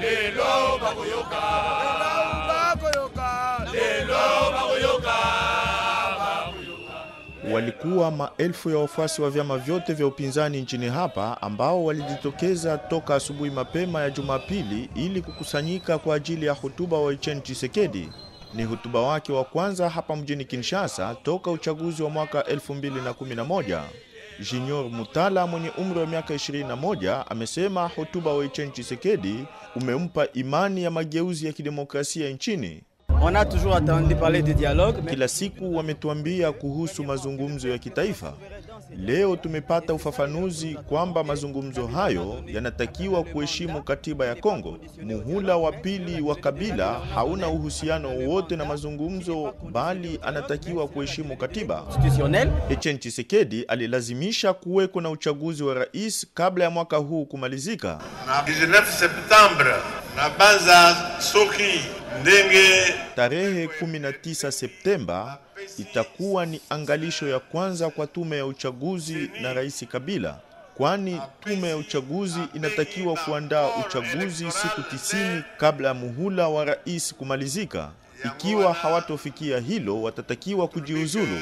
lelo bakoyoka Walikuwa maelfu ya wafuasi wa vyama vyote vya upinzani nchini hapa ambao walijitokeza toka asubuhi mapema ya Jumapili ili kukusanyika kwa ajili ya hotuba wa Etienne Tshisekedi. Ni hotuba wake wa kwanza hapa mjini Kinshasa toka uchaguzi wa mwaka 2011. Junior Mutala mwenye umri wa miaka 21 amesema hotuba wa Etienne Tshisekedi umempa imani ya mageuzi ya kidemokrasia nchini. On a toujours entendu parler de dialogue. Kila siku wametuambia kuhusu mazungumzo ya kitaifa. Leo tumepata ufafanuzi kwamba mazungumzo hayo yanatakiwa kuheshimu katiba ya Kongo. Muhula wa pili wa Kabila hauna uhusiano wowote na mazungumzo, bali anatakiwa kuheshimu katiba. Etienne Tshisekedi alilazimisha kuweko na uchaguzi wa rais kabla ya mwaka huu kumalizika na 19 Septemba na banza soki ndenge. Tarehe 19 Septemba itakuwa ni angalisho ya kwanza kwa tume ya uchaguzi na Rais Kabila, kwani tume ya uchaguzi inatakiwa kuandaa uchaguzi siku tisini kabla ya muhula wa rais kumalizika. Ikiwa hawatofikia hilo, watatakiwa kujiuzulu.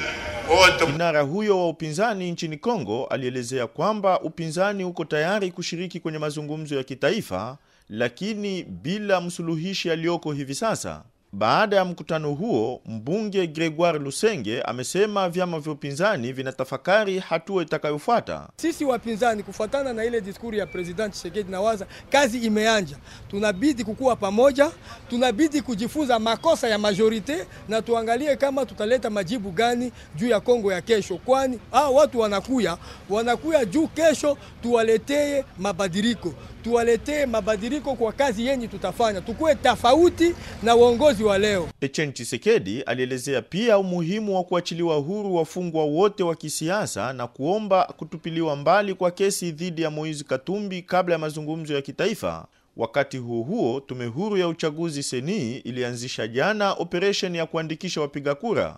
Kinara huyo wa upinzani nchini Kongo alielezea kwamba upinzani uko tayari kushiriki kwenye mazungumzo ya kitaifa lakini bila msuluhishi aliyoko hivi sasa. Baada ya mkutano huo, mbunge Gregoire Lusenge amesema vyama vya upinzani vinatafakari hatua itakayofuata. Sisi wapinzani, kufuatana na ile diskuri ya President Tshisekedi na waza, kazi imeanja, tunabidi kukuwa pamoja, tunabidi kujifunza makosa ya majorite na tuangalie kama tutaleta majibu gani juu ya Kongo ya kesho, kwani hao watu wanakuya wanakuya juu kesho tuwaletee mabadiliko tuwaletee mabadiliko kwa kazi yenye tutafanya, tukuwe tofauti na uongozi wa leo. Etienne Tshisekedi alielezea pia umuhimu wa kuachiliwa huru wafungwa wote wa kisiasa na kuomba kutupiliwa mbali kwa kesi dhidi ya Moise Katumbi kabla ya mazungumzo ya kitaifa. Wakati huo huo, tume huru ya uchaguzi seni ilianzisha jana operesheni ya kuandikisha wapiga kura.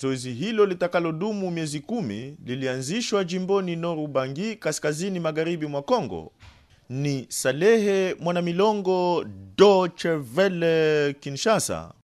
Zoezi hilo litakalodumu miezi kumi lilianzishwa jimboni Noru Bangi, kaskazini magharibi mwa Kongo ni Salehe Mwanamilongo Dochevele Kinshasa.